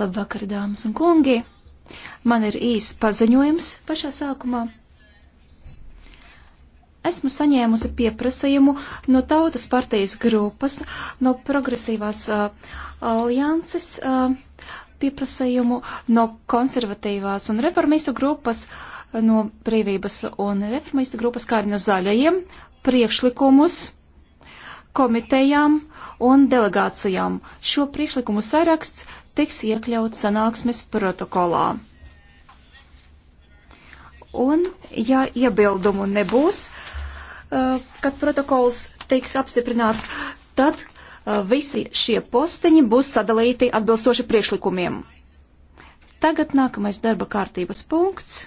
Labvakar, dāmas un kungi! Man ir īsts paziņojums pašā sākumā. Esmu saņēmusi pieprasījumu no Tautas partijas grupas, no Progresīvās uh, alianses uh, pieprasījumu, no Konservatīvās un Reformistu grupas, uh, no Brīvības un Reformistu grupas, kā arī no Zaļajiem priekšlikumus komitejām uh, un delegācijām. Šo priekšlikumu saraksts tiks iekļauts sanāksmes protokolā. Un, ja iebildumu nebūs, eh, kad protokols tiks apstiprināts, tad eh, visi šie posteņi būs sadalīti atbilstoši priekšlikumiem. Tagad nākamais darba kārtības punkts.